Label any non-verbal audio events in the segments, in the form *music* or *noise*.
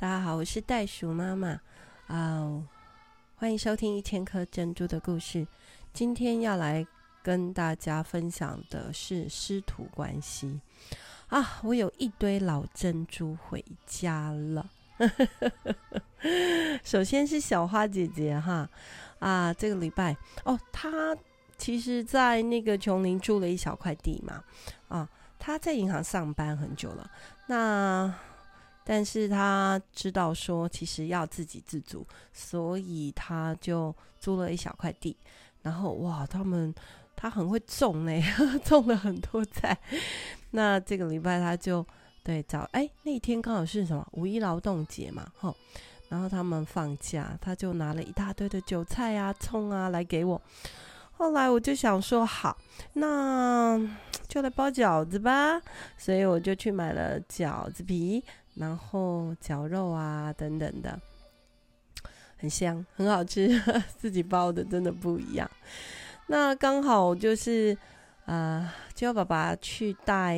大家好，我是袋鼠媽媽，啊、嗯，歡迎收聽《一千顆珍珠的故事》。今天要來跟大家分享的是師徒關係啊。我有一堆老珍珠回家了。 *laughs* 首先是小花姐姐哈啊，這個禮拜哦，她其實，在那個瓊林租了一小塊地嘛啊，她在銀行上班很久了，那。但是他知道說，其實要自給自足，所以他就租了一小塊地，然後哇，他們他很會種嘞、欸，種了很多菜。那這個禮拜他就對找哎、欸，那一天剛好是什麼五一勞動節嘛，齁，然後他們放假，他就拿了一大堆的韭菜啊、蔥啊來給我。後來我就想說，好，那就來包餃子吧，所以我就去買了餃子皮。然後絞肉啊等等的，很香，很好吃呵呵，自己包的真的不一樣。那剛好就是呃，就要爸爸去帶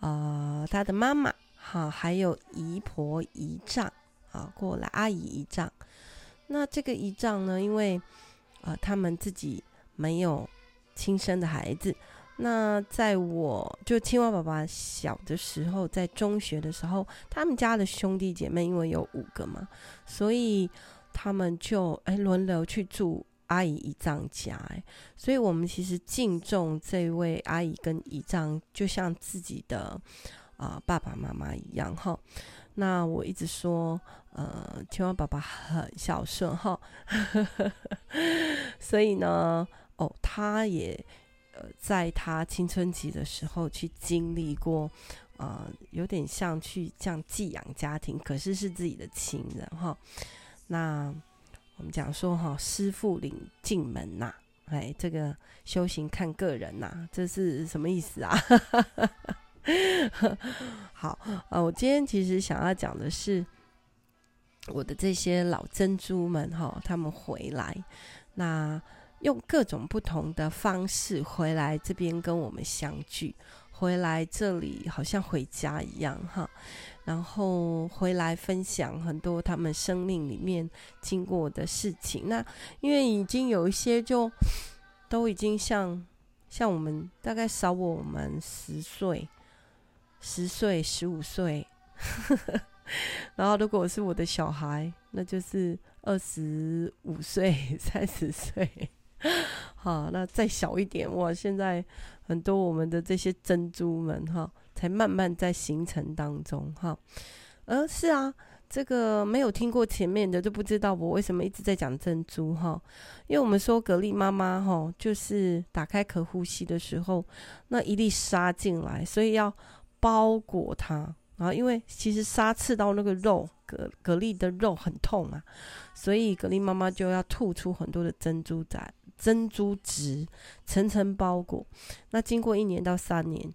啊、呃、他的媽媽哈、啊，還有姨婆姨丈啊過來，阿姨姨丈。那這個姨丈呢，因為呃他們自己沒有親生的孩子。那在我就青蛙爸爸小的時候，在中學的時候，他們家的兄弟姐妹因為有五個嘛，所以他們就哎輪流去住阿姨姨丈家哎，所以我們其實敬重這位阿姨跟姨丈，就像自己的啊、呃、爸爸媽媽一樣哈。那我一直說，呃，青蛙爸爸很孝順哈，吼 *laughs* 所以呢，哦，他也。在他青春期的時候去經歷過，呃，有點像去這樣寄養家庭，可是是自己的親人哈。那我們講說哈，師父領進門吶、啊，哎，這個修行看個人吶、啊，這是什麼意思啊？ *laughs* 好啊、呃，我今天其實想要講的是我的這些老珍珠們哈，他們回來那。用各種不同的方式回來這邊跟我們相聚，回來這裡好像回家一樣哈，然後回來分享很多他們生命裡面經過的事情。那因為已經有一些就都已經像像我們大概少我們十歲、十歲、十五歲， *laughs* 然後如果是我的小孩，那就是二十五歲、三十歲。 *laughs* 好，那再小一點哇！現在很多我們的這些珍珠們哈、哦，才慢慢在形成當中哈、哦。呃，是啊，這個沒有聽過前面的就不知道我為什麼一直在講珍珠哈、哦，因為我們說蛤蜊媽媽哈、哦，就是打開殼呼吸的時候，那一粒沙進來，所以要包裹它。然後、啊，因為其實沙刺到那個肉，蛤蛤蜊的肉很痛啊，所以蛤蜊媽媽就要吐出很多的珍珠仔、珍珠質，層層包裹。那經過一年到三年，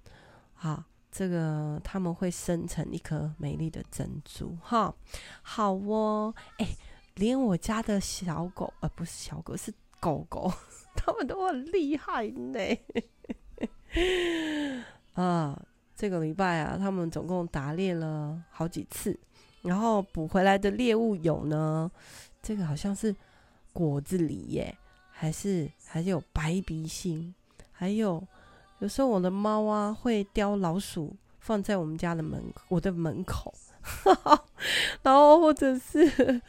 啊，這個他們會生成一顆美麗的珍珠，哈、啊，好哦，哎、欸，連我家的小狗，呃，不是小狗，是狗狗，它們都很厲害呢，啊。這個禮拜啊，他們總共打獵了好幾次，然後捕回來的獵物有呢，這個好像是果子狸耶，還是還是有白鼻心，還有有時候我的貓啊會叼老鼠放在我們家的門，我的門口， *laughs* 然後或者是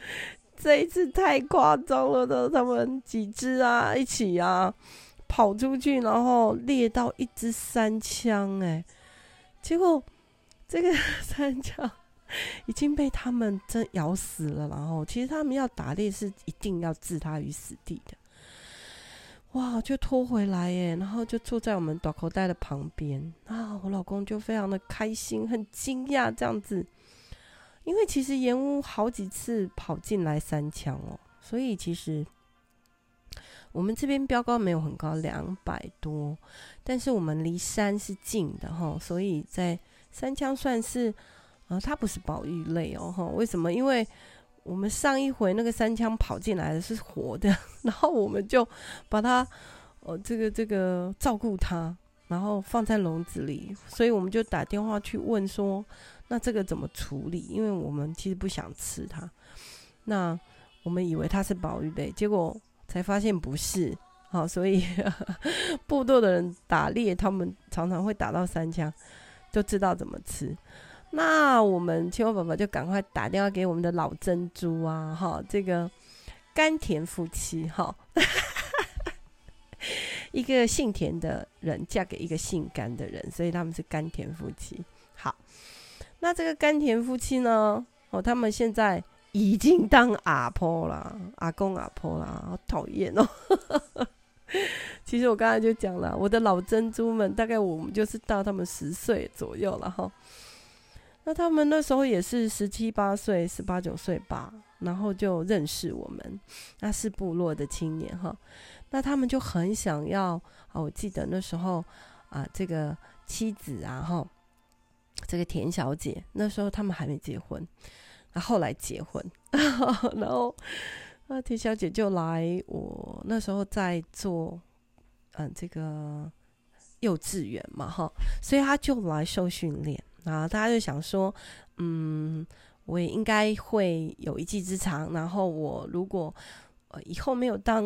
這一次太誇張了的，他們幾隻啊一起啊跑出去，然後獵到一隻山羌哎。結果，這個山羌已經被他們真咬死了。然後，其實他們要打獵是一定要置他於死地的。哇，就拖回來耶，然後就坐在我們倒口袋的旁邊啊。我老公就非常的開心，很驚訝這樣子，因為其實岩屋好幾次跑進來山羌哦，所以其實。我們這邊標高沒有很高，兩百多，但是我們離山是近的哈，所以在山羌算是，呃，它不是保育類哦吼，為什麼？因為我們上一回那個山羌跑進來的是活的，然後我們就把它，呃，這個這個照顧它，然後放在籠子裡，所以我們就打電話去問說，那這個怎麼處理？因為我們其實不想吃它，那我們以為它是保育類，結果。才發現不是好、哦，所以部落的人打獵，他們常常會打到山羌，就知道怎麼吃。那我們青蛙寶寶就趕快打電話給我們的老珍珠啊，哈、哦，這個甘甜夫妻哈，哦、 *laughs* 一個姓田的人嫁給一個姓甘的人，所以他們是甘甜夫妻。好，那這個甘甜夫妻呢？哦，他們現在，已經當阿婆了，阿公阿婆了，好討厭哦。 *laughs* 其實我剛才就講了，我的老珍珠們，大概我們就是到他們十歲左右了哈。那他們那時候也是十七八歲、十八九歲吧，然後就認識我們，那是部落的青年哈。那他們就很想要，啊、我記得那時候啊，這個妻子啊哈，這個田小姐那時候他們還沒結婚。然後來結婚，呵呵然後啊，田小姐就來我那時候在做嗯這個幼稚園嘛哈，所以她就來受訓練啊。大家就想說，嗯，我也應該會有一技之長，然後我如果、呃、以後沒有當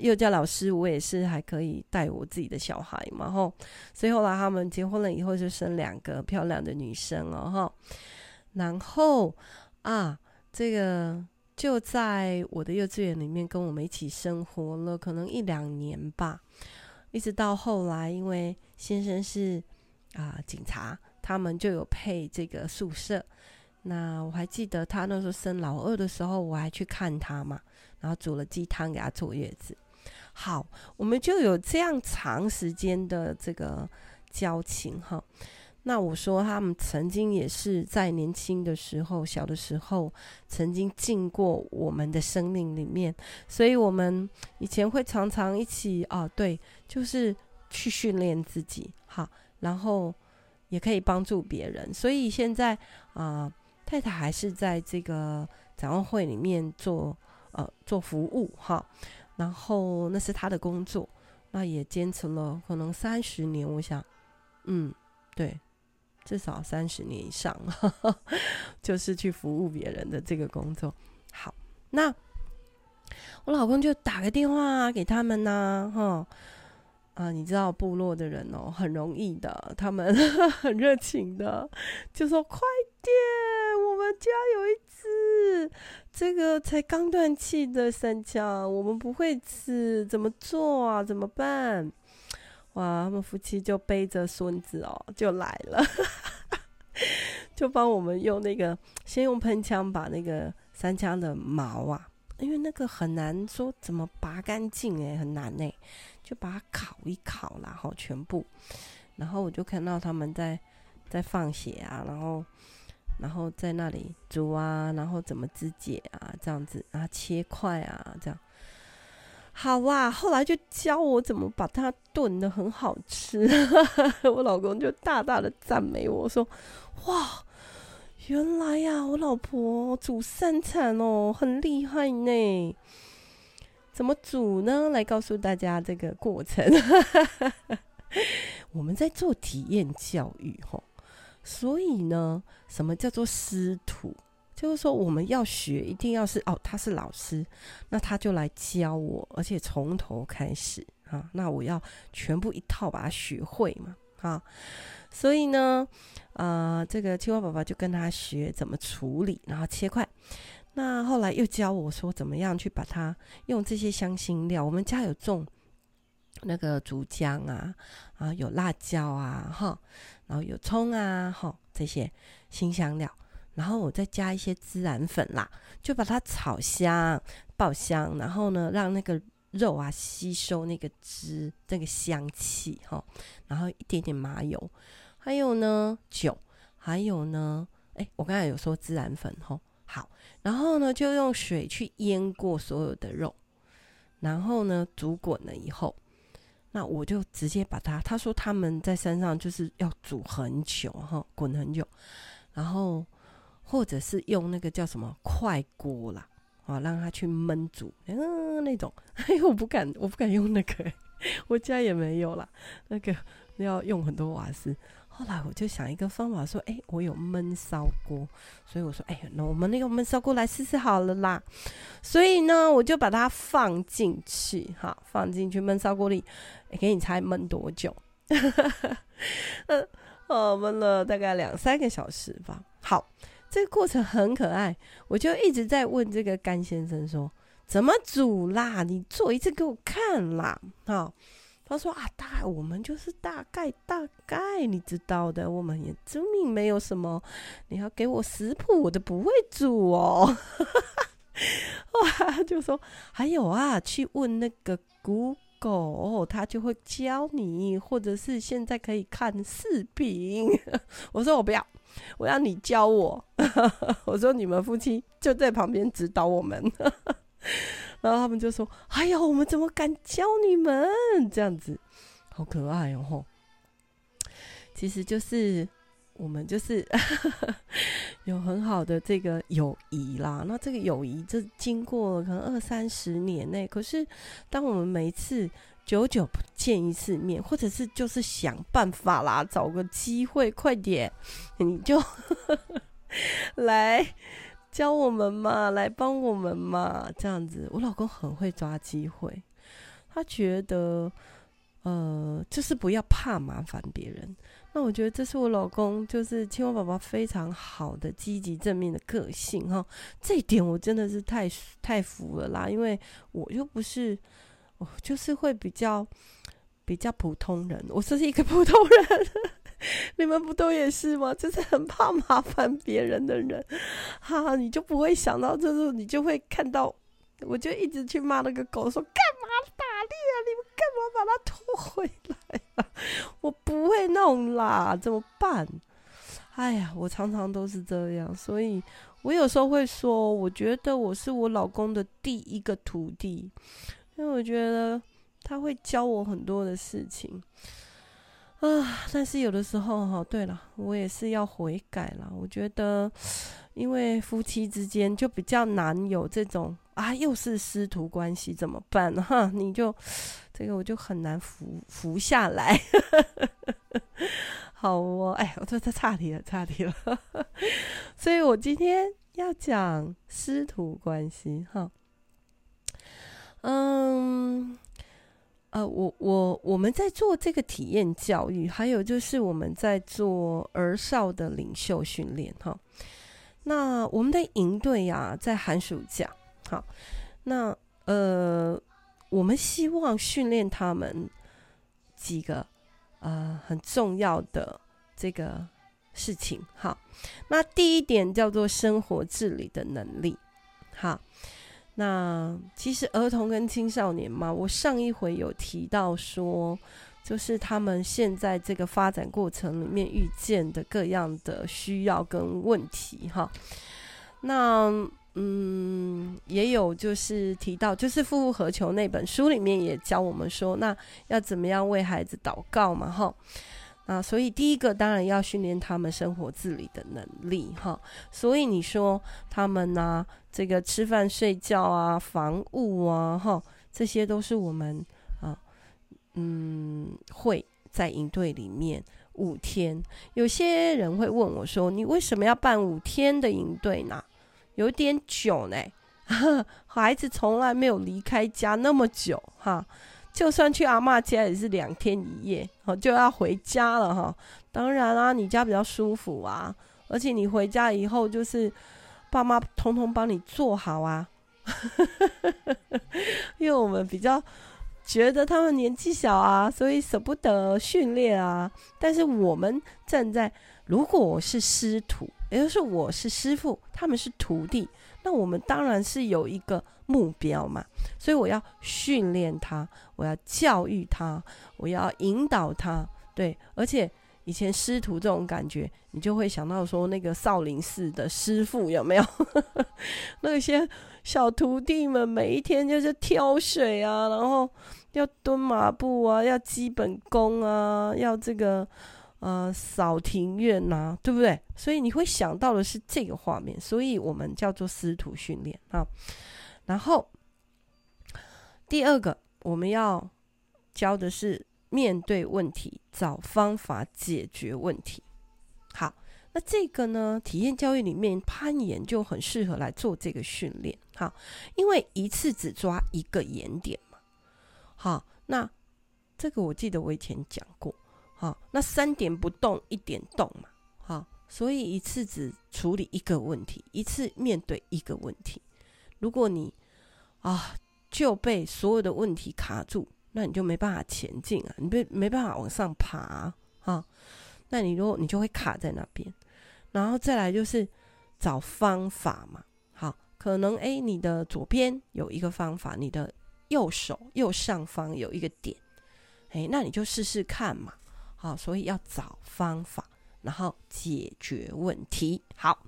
幼教 *coughs* 老師，我也是還可以帶我自己的小孩嘛哈。所以後來他們結婚了以後，就生兩個漂亮的女生了，然後。啊，這個就在我的幼稚園裡面跟我們一起生活了，可能一兩年吧。一直到後來，因為先生是啊、呃、警察，他們就有配這個宿舍。那我還記得他那時候生老二的時候，我還去看他嘛，然後煮了雞湯給他坐月子。好，我們就有這樣長時間的這個交情哈。那我說，他們曾經也是在年輕的時候、小的時候，曾經進過我們的生命裡面，所以我們以前會常常一起啊，對，就是去訓練自己，哈，然後也可以幫助別人。所以現在啊、呃，太太還是在這個展望會裡面做呃做服務哈，然後那是他的工作，那也堅持了可能三十年，我想，嗯，對。至少三十年以上呵呵，就是去服務別人的這個工作。好，那我老公就打個電話給他們呐、啊，哈啊，你知道部落的人哦、喔，很容易的，他們很熱情的，就說快點，我們家有一隻，這個才剛斷氣的山羌，我們不會吃，怎麼做啊，怎麼辦？哇，他們夫妻就背着孫子哦，就來了， *laughs* 就幫我們用那個，先用噴槍把那個山羌的毛啊，因為那個很難說怎麼拔乾淨哎，很難呢。就把它烤一烤啦，哈，全部，然後我就看到他們在在放血啊，然後然後在那裡煮啊，然後怎麼肢解啊，這樣子啊，切塊啊，這樣。好啦，後來就教我怎麼把它燉得很好吃， *laughs* 我老公就大大的讚美我說：“哇，原來呀，我老婆煮三餐哦，很厲害呢。”怎麼煮呢？來告訴大家這個過程， *laughs* 我們在做體驗教育吼，所以呢，什麼叫做師徒？就是說，我們要學，一定要是哦，他是老師，那他就來教我，而且從頭開始啊，那我要全部一套把它學會嘛啊，所以呢，呃，這個青蛙寶寶就跟他學怎麼處理，然後切塊，那後來又教我說怎麼樣去把它用這些香辛料，我們家有種那個竹薑啊，啊有辣椒啊哈，然後有蔥啊哈這些辛香料。然後我再加一些孜然粉啦，就把它炒香、爆香，然後呢，讓那個肉啊吸收那個汁、那個香氣哈、哦。然後一點點麻油，還有呢酒，還有呢，哎，我剛才有說孜然粉哈、哦。好，然後呢就用水去淹過所有的肉，然後呢煮滾了以後，那我就直接把它。他說他們在山上就是要煮很久哈、哦，滾很久，然後。或者是用那個叫什麼快鍋啦，哦、啊，讓它去燜煮，嗯，那種，哎呦，我不敢，我不敢用那個，我家也沒有啦，那個要用很多瓦斯。後來我就想一個方法，說，哎、欸，我有燜燒鍋，所以我說，哎、欸，那我們那個燜燒鍋來試試好了啦。所以呢，我就把它放進去，哈，放進去燜燒鍋裡、欸，給你猜燜多久？ *laughs* 嗯，我燜了大概兩三個小時吧。好。這個過程很可愛，我就一直在問這個甘先生說：“怎麼煮啦？你做一次給我看啦！”哈，他說：“啊，大概，我們就是大概大概，你知道的，我們也真命沒有什麼。你要給我食譜，我都不會煮哦。”哈哈，哇，就說還有啊，去問那個 Google，他就會教你，或者是現在可以看視頻。 *laughs* 我說：“我不要，我要你教我。” *laughs* 我說，你們夫妻就在旁邊指導我們， *laughs* 然後他們就說：“哎呀，我們怎麼敢教你們這樣子？好可愛哦！”其實，就是我們就是 *laughs* 有很好的這個友誼啦。那這個友誼，就經過了可能二三十年內，可是當我們每一次久久不見一次面，或者是就是想辦法啦，找個機會快點，你就。 *laughs* *laughs* 來教我們嘛，來幫我們嘛，這樣子。我老公很會抓機會，他覺得，呃，就是不要怕麻煩別人。那我覺得這是我老公，就是青蛙寶寶非常好的積極正面的個性哈、哦。這一點我真的是太太服了啦，因為我又不是，我就是會比較比較普通人，我是一個普通人。 *laughs* 你們不都也是嗎？就是很怕麻煩別人的人，哈，哈，你就不會想到，這時候你就會看到，我就一直去罵那個狗，說幹嘛打獵啊？你們幹嘛把它拖回來啊？我不會弄啦，怎麼辦？哎呀，我常常都是這樣，所以我有時候會說，我覺得我是我老公的第一個徒弟，因為我覺得他會教我很多的事情。啊、呃，但是有的時候哈、哦，對了，我也是要悔改了。我覺得，因為夫妻之間就比較難有這種啊，又是師徒關係怎麼辦哈？你就，這個我就很難服服下來。 *laughs* 好哦，哎，我這這岔題了，岔題了。 *laughs* 所以我今天要講師徒關係哈，嗯。呃，我我我們在做這個體驗教育，還有就是我們在做兒少的領袖訓練哈、哦。那我們的營隊呀、啊，在寒暑假，好、哦，那呃，我們希望訓練他們幾個呃很重要的這個事情哈、哦。那第一點叫做生活自理的能力，哈、哦。那其實兒童跟青少年嘛，我上一回有提到說，就是他們現在這個發展過程裡面遇見的各樣的需要跟問題哈。那嗯，也有就是提到，就是《夫復何求》那本書裡面也教我們說，那要怎麼樣為孩子禱告嘛哈。啊，所以第一個當然要訓練他們生活自理的能力，哈。所以你說他們呢、啊，這個吃飯、睡覺啊、房務啊，哈，這些都是我們啊，嗯，會在營隊裡面五天。有些人會問我說：“你為什麼要辦五天的營隊呢？有點久呢，孩子從來沒有離開家那麼久，哈。”就算去阿嬤家也是兩天一夜，就要回家了哈。當然啊，你家比較舒服啊，而且你回家以後就是爸媽通通幫你做好啊。 *laughs* 因為我們比較覺得他們年紀小啊，所以捨不得訓練啊。但是我們站在如果我是師徒，也就是我是師父，他們是徒弟。那我們當然是有一個目標嘛，所以我要訓練他，我要教育他，我要引導他，對。而且以前師徒這種感覺，你就會想到說，那個少林寺的師傅有沒有？ *laughs* 那些小徒弟們每一天就是挑水啊，然後要蹲馬步啊，要基本功啊，要這個。呃，掃、嗯、庭院吶、啊，對不對？所以你會想到的是這個畫面，所以我們叫做師徒訓練啊。然後第二個，我們要教的是面對問題，找方法解決問題。好，那這個呢，體驗教育裡面攀岩就很適合來做這個訓練哈，因為一次只抓一個岩點嘛。好，那這個我記得我以前講過。好，那三點不動，一點動嘛。好，所以一次只處理一個問題，一次面對一個問題。如果你啊，就被所有的問題卡住，那你就沒辦法前進啊，你被沒辦法往上爬啊。好，那你如果你就會卡在那邊。然後再來就是找方法嘛。好，可能哎，你的左邊有一個方法，你的右手右上方有一個點，哎，那你就試試看嘛。好，所以要找方法，然後解決問題。好，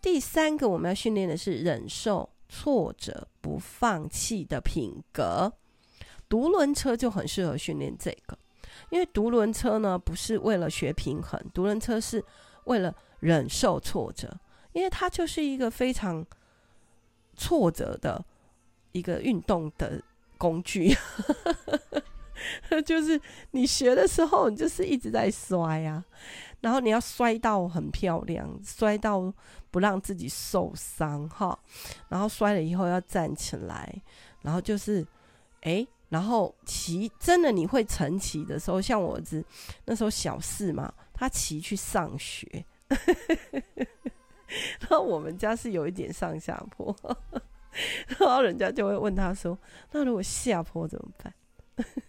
第三個我們要訓練的是忍受挫折不放棄的品格。獨輪車就很適合訓練這個，因為獨輪車呢不是為了學平衡，獨輪車是為了忍受挫折，因為它就是一個非常挫折的一個運動的工具。 *laughs* *laughs* 就是你學的時候，你就是一直在摔啊，然後你要摔到很漂亮，摔到不讓自己受傷哈，然後摔了以後要站起來，然後就是，哎、欸，然後騎真的你會乘騎的時候，像我兒子那時候小四嘛，他騎去上學， *laughs* 然後我們家是有一點上下坡， *laughs* 然後人家就會問他說：“那如果下坡怎麼辦？” *laughs*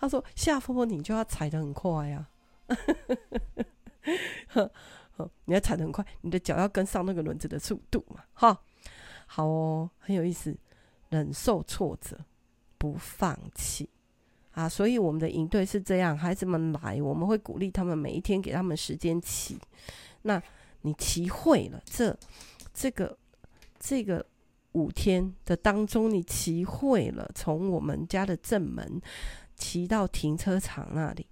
他說：“夏風風，你就要踩得很快呀、啊， *laughs* 你要踩得很快，你的腳要跟上那個輪子的速度嘛，好哦，很有意思。忍受挫折，不放棄啊！所以我們的營隊是這樣，孩子們來，我們會鼓勵他們每一天給他們時間騎。那你騎會了，這、這個、這個五天的當中，你騎會了，從我們家的正門。”騎到停車場那裡，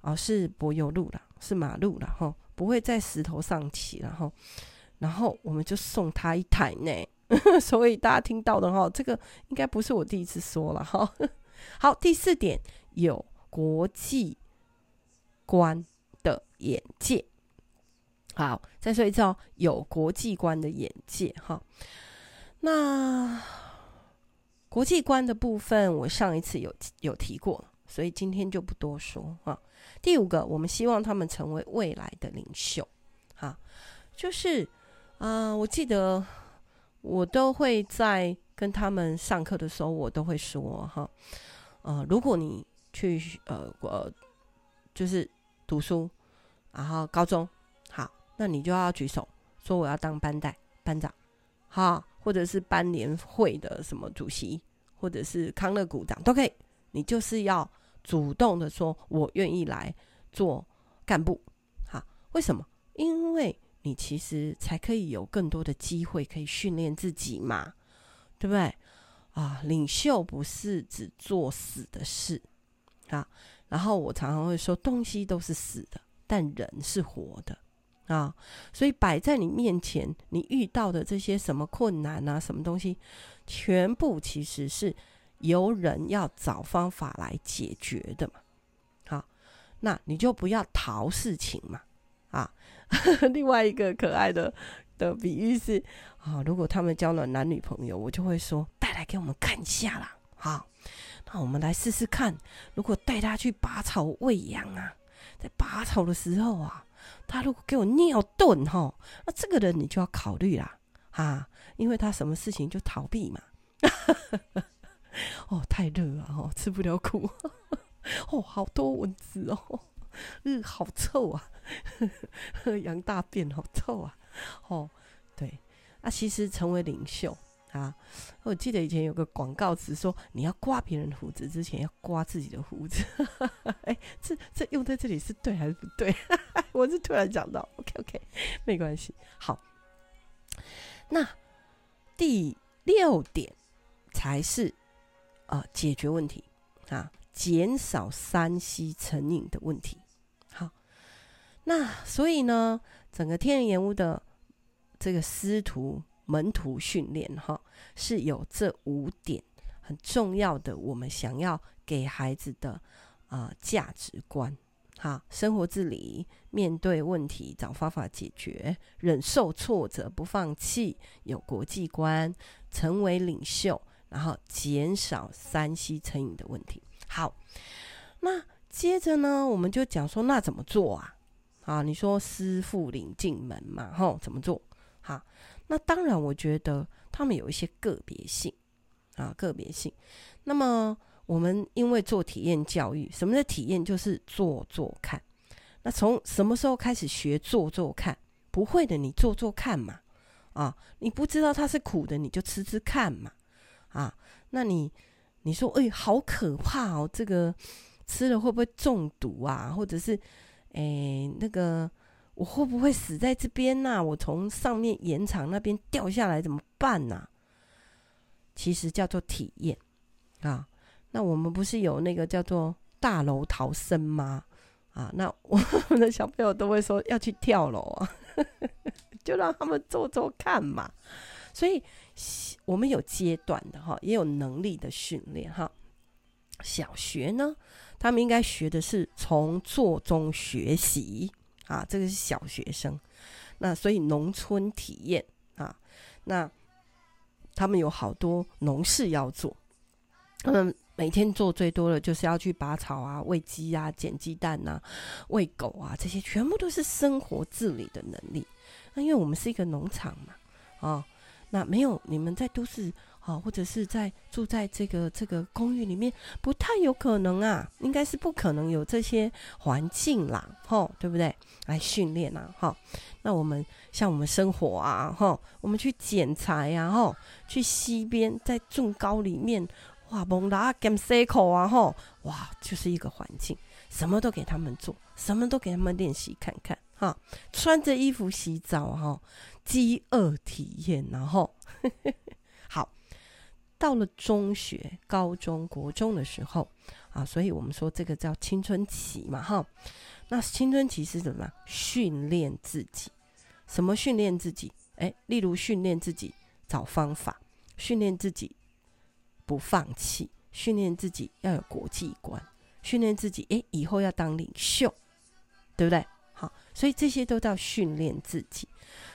啊、哦，是柏油路啦，是馬路啦，哈，不會在石頭上騎了哈。然後我們就送他一台呢， *laughs* 所以大家聽到的哈，這個應該不是我第一次說了哈。 *laughs* 好，第四點，有國際觀的眼界。好，再說一次哦，有國際觀的眼界哈。那國際觀的部分，我上一次有有提過。所以今天就不多說啊，第五個，我們希望他們成為未來的領袖，哈、啊，就是，啊、呃、我記得我都會在跟他們上課的時候，我都會說，哈、啊，呃，如果你去呃，呃，就是讀書，然後高中，好、啊，那你就要舉手說我要當班代班長，哈、啊，或者是班聯會的什麼主席，或者是康樂股長都可以，你就是要。主動的說，我願意來做幹部，好，啊，為什麼？因為你其實才可以有更多的機會，可以訓練自己嘛，對不對？啊，領袖不是只做死的事，啊。然後我常常會說，東西都是死的，但人是活的，啊。所以擺在你面前，你遇到的這些什麼困難啊，什麼東西，全部其實是。由人要找方法來解決的嘛，好，那你就不要逃事情嘛，啊，另外一個可愛的的比喻是啊、哦，如果他們交了男女朋友，我就會說帶來給我們看一下啦，好，那我們來試試看，如果帶他去拔草餵羊啊，在拔草的時候啊，他如果給我尿遁哈、哦，那這個人你就要考慮啦，啊，因為他什麼事情就逃避嘛。 *laughs* 哦，太熱了哦，吃不了苦呵呵。哦，好多蚊子哦，嗯，好臭啊，呵呵羊大便好臭啊。哦，對，那、啊、其實成為領袖啊，我記得以前有個廣告詞說，你要刮別人鬍子之前要刮自己的鬍子。呵呵欸、這這用在這裡是對還是不對？呵呵我是突然講到，OK OK，沒關係，好。那第六點才是。啊、呃，解決問題啊，減少三西成癮的問題。好、啊，那所以呢，整個天人研屋的這個師徒門徒訓練哈、啊，是有這五點很重要的，我們想要給孩子的啊價值觀，哈、啊，生活自理，面對問題找方法，法解決，忍受挫折不放棄，有國際觀，成為領袖。然後減少 3C 成癮的問題。好，那接着呢，我們就講說那怎麼做啊？啊，你說師父領進門嘛，吼、哦、怎麼做？好，那當然，我覺得他們有一些個別性啊，個別性。那麼我們因為做體驗教育，什麼叫體驗？就是做做看。那從什麼時候開始學做做看？不會的，你做做看嘛。啊，你不知道它是苦的，你就吃吃看嘛。啊，那你，你說，哎、欸，好可怕哦！這個吃了會不會中毒啊？或者是，哎、欸，那個，我會不會死在這邊吶、啊？我從上面岩場那邊掉下來怎麼辦吶、啊？其實叫做體驗啊。那我們不是有那個叫做大樓逃生嗎？啊，那我們的小朋友都會說要去跳樓、啊， *laughs* 就讓他們做做看嘛。所以。我們有階段的哈，也有能力的訓練哈。小學呢，他們應該學的是從做中學習啊，這個是小學生。那所以農村體驗啊，那他們有好多農事要做，他們每天做最多的就是要去拔草啊、餵雞啊、撿雞蛋啊、餵狗啊，這些全部都是生活自理的能力。那、啊、因為我們是一個農場嘛，啊。那沒有，你們在都市，哦、啊，或者是在住在這個這個公寓裡面，不太有可能啊，應該是不可能有這些環境啦，吼，對不對？來訓練啦、啊，哈。那我們像我們生火啊，吼，我們去撿柴啊，吼，去溪邊在峻高裡面，哇，崩拉跟溪口啊，吼，哇，就是一個環境，什麼都給他們做，什麼都給他們練習看看。哈、啊，穿着衣服洗澡，哈、哦，飢餓體驗，然後呵呵，好到了中學、高中、國中的時候啊，所以我們說這個叫青春期嘛，哈、哦，那青春期是什麼？訓練自己。什麼訓練自己？哎，例如訓練自己找方法，訓練自己不放棄，訓練自己要有國際觀，訓練自己哎以後要當領袖，對不對？所以這些都叫訓練自己，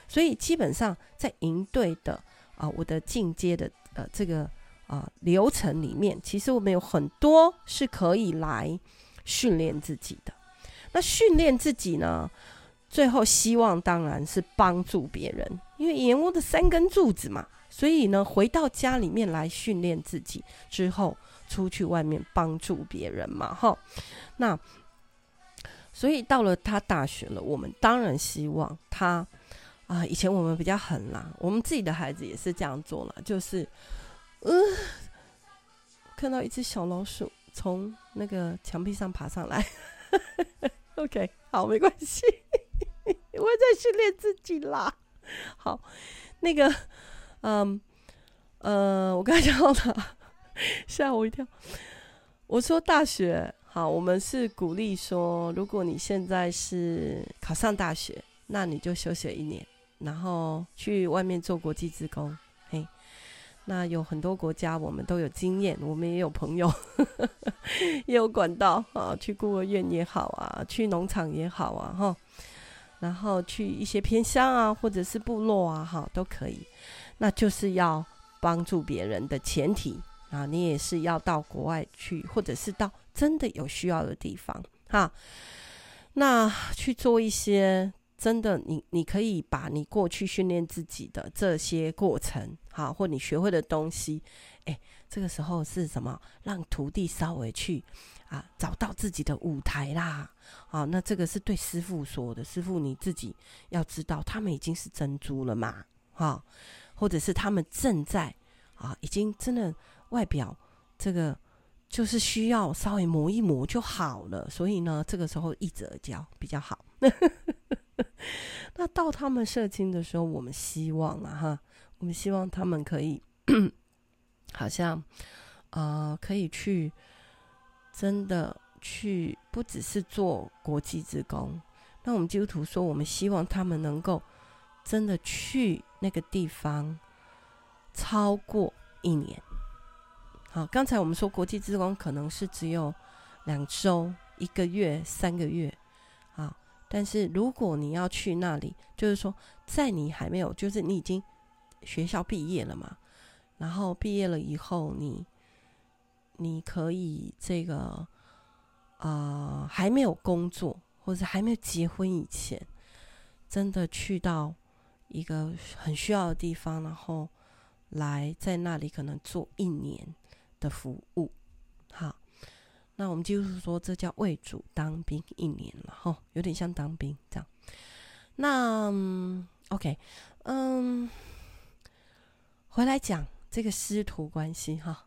所以基本上在營隊的啊、呃，我的進階的呃這個啊、呃、流程裡面，其實我們有很多是可以來訓練自己的。那訓練自己呢，最後希望當然是幫助別人，因為岩屋的三根柱子嘛，所以呢回到家裡面來訓練自己之後，出去外面幫助別人嘛，哈，那。所以到了他大學了，我們當然希望他啊、呃。以前我們比較狠啦，我們自己的孩子也是這樣做了，就是，嗯、呃，看到一隻小老鼠從那個牆壁上爬上來 *laughs* ，OK，好，沒關係， *laughs* 我也在訓練自己啦。好，那個，嗯，呃，我剛才講到了，嚇我一跳。我說大學。好，我們是鼓勵說，如果你現在是考上大學，那你就休學一年，然後去外面做國際志工。哎，那有很多國家我們都有經驗，我們也有朋友，呵呵也有管道啊。去孤兒院也好啊，去農場也好啊，哈，然後去一些偏鄉啊，或者是部落啊，哈，都可以。那就是要幫助別人的前提啊，你也是要到國外去，或者是到。真的有需要的地方，哈、啊，那去做一些真的你，你你可以把你過去訓練自己的這些過程，哈、啊，或你學會的東西，哎、欸，這個時候是什麼？讓徒弟稍微去啊，找到自己的舞台啦，啊，那這個是對師父說的，師父你自己要知道，他們已經是珍珠了嘛，哈、啊，或者是他們正在啊，已經真的外表這個。就是需要稍微磨一磨就好了，所以呢，這個時候一折交比較好。 *laughs* 那到他們社青的時候，我們希望了、啊、哈，我們希望他們可以， *coughs* 好像啊、呃，可以去真的去，不只是做國際志工。那我們基督徒說，我們希望他們能夠真的去那個地方超過一年。好，剛才我們說國際志工可能是只有兩週、一個月、三個月，啊，但是如果你要去那裡，就是說，在你還沒有，就是你已經學校畢業了嘛，然後畢業了以後你，你你可以這個啊、呃，還沒有工作或者還沒有結婚以前，真的去到一個很需要的地方，然後來在那裡可能做一年，的服務，好，那我們就是說，這叫為主當兵一年了哈、哦，有點像當兵這樣。那嗯 OK，嗯，回來講這個師徒關係哈。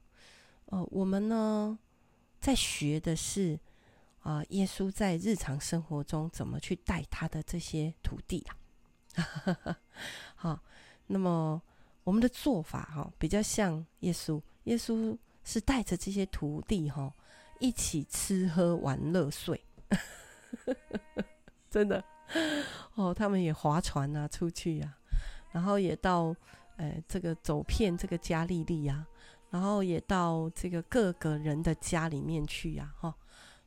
哦、呃，我們呢在學的是啊、呃，耶穌在日常生活中怎麼去帶他的這些徒弟啦。哈哈哈哈好，那麼我們的做法哈、哦，比較像耶穌，耶穌。是帶着這些徒弟哈、哦，一起吃喝玩樂睡， *laughs* 真的哦。他們也划船啊，出去呀、啊，然後也到呃這個走遍這個加利利呀、啊，然後也到這個各個人的家裡面去呀、啊哦，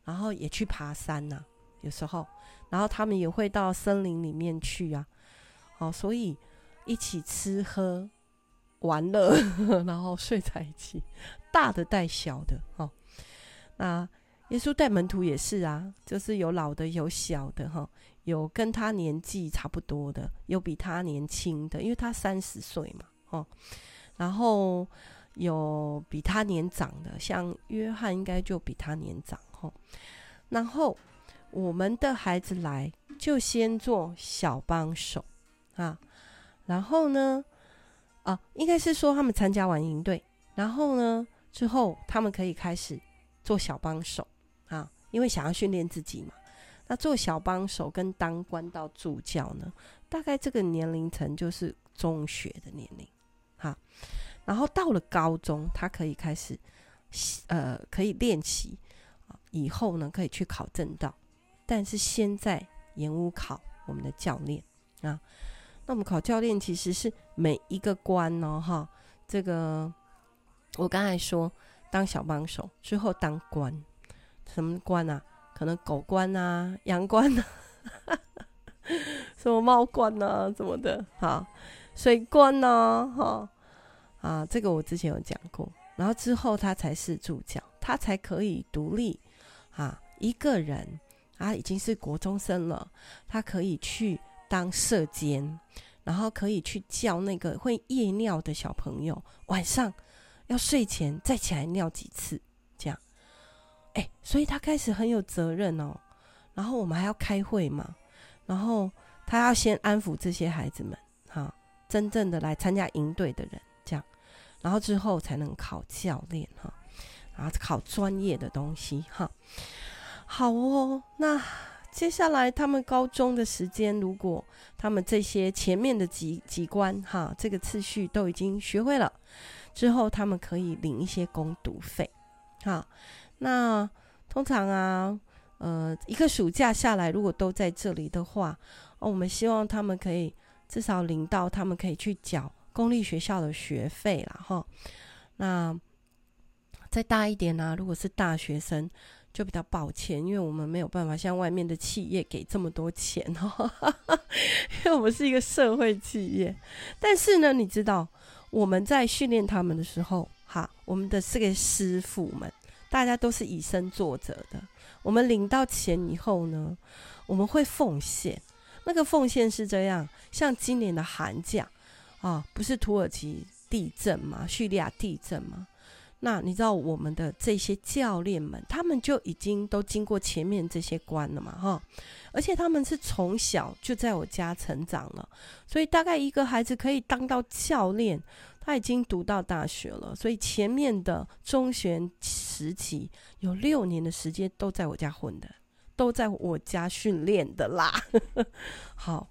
然後也去爬山吶、啊，有時候，然後他們也會到森林裡面去呀、啊，哦，所以一起吃喝。玩樂，然後睡在一起，大的帶小的，哦，那耶穌帶門徒也是啊，就是有老的，有小的，哈，哦，有跟他年紀差不多的，有比他年輕的，因為他三十歲嘛，哦。然後有比他年長的，像約翰應該就比他年長，哦。然後我們的孩子來，就先做小幫手，啊。然後呢，啊，應該是說他們參加完營隊，然後呢，之後他們可以開始做小幫手啊，因為想要訓練自己嘛。那做小幫手跟當官到助教呢，大概這個年齡層就是中學的年齡，哈、啊。然後到了高中，他可以開始，呃，可以練習啊，以後呢可以去考證道。但是現在岩屋考我們的教練啊。我們考教練其實是每一個官哦，哈，這個我剛才說當小幫手之後當官，什麼官啊？可能狗官啊、羊官啊，呵呵什麼貓官啊，怎麼的？哈，水官呢、啊？哈啊，這個我之前有講過，然後之後他才是助教，他才可以獨立啊，一個人啊，已經是國中生了，他可以去。當射箭，然後可以去叫那個會夜尿的小朋友，晚上要睡前再起來尿幾次，這樣。哎，所以他開始很有責任哦。然後我們還要開會嘛，然後他要先安撫這些孩子們，哈、啊，真正的來參加營隊的人，這樣，然後之後才能考教練哈、啊，然後考專業的東西哈、啊。好哦，那。接下來，他們高中的時間，如果他們這些前面的幾幾關哈，這個次序都已經學會了，之後他們可以領一些工讀費，哈。那通常啊，呃，一個暑假下來，如果都在這裡的話，哦，我們希望他們可以至少領到他們可以去繳公立學校的學費了哈。那再大一點呢，啊，如果是大學生。就比較抱歉，因為我們沒有辦法像外面的企業給這麼多錢哦， *laughs* 因為我們是一個社會企業。但是呢，你知道我們在訓練他們的時候，哈，我們的四個師傅們，大家都是以身作則的。我們領到錢以後呢，我們會奉獻。那個奉獻是這樣，像今年的寒假啊，不是土耳其地震嗎？敘利亞地震嗎？那你知道我們的這些教練們，他們就已經都經過前面這些關了嘛？哈、哦，而且他們是從小就在我家成長了，所以大概一個孩子可以當到教練，他已經讀到大學了，所以前面的中學時期有六年的時間都在我家混的，都在我家訓練的啦。 *laughs* 好，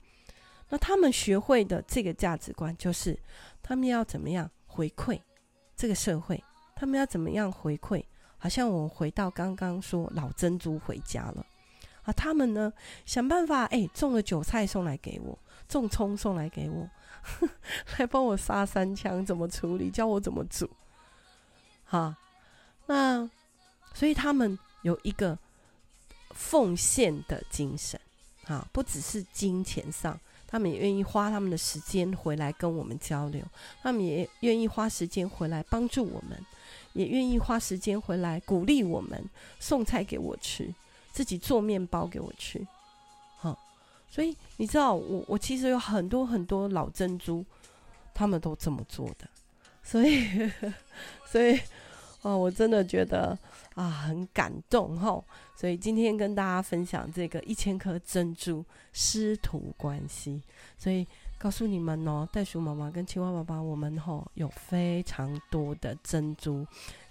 那他們學會的這個價值觀就是，他們要怎麼樣回饋這個社會？他們要怎麼樣回饋？好像我回到剛剛說老珍珠回家了，啊，他們呢想辦法，欸，種了韭菜送來給我，種蔥送來給我，來幫我殺山羌，怎麼處理？教我怎麼煮，好，那所以他們有一個奉獻的精神，啊，不只是金錢上，他們也願意花他們的時間回來跟我們交流，他們也願意花時間回來幫助我們。也願意花時間回來鼓勵我們，送菜給我吃，自己做麵包給我吃，好、哦，所以你知道我我其實有很多很多老珍珠，他們都這麼做的，所以 *laughs* 所以、哦、我真的覺得啊很感動吼，所以今天跟大家分享這個一千顆珍珠師徒關係，所以。告訴你們哦，袋鼠媽媽跟青蛙媽媽，我們吼、哦、有非常多的珍珠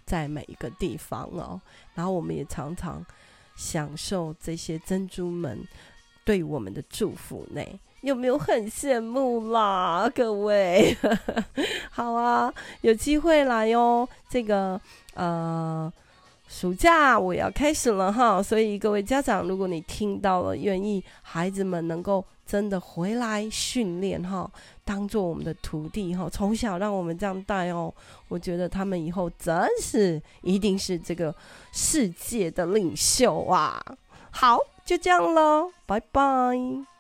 在每一個地方哦，然後我們也常常享受這些珍珠們對我們的祝福呢。有沒有很羨慕啦，各位？ *laughs* 好啊，有機會來喲。這個呃，暑假我要開始了哈，所以各位家長，如果你聽到了，願意孩子們能夠。真的回來訓練哈，當做我們的徒弟哈，從小讓我們這樣帶哦。我覺得他們以後真是一定是這個世界的領袖啊！好，就這樣嘍，拜拜。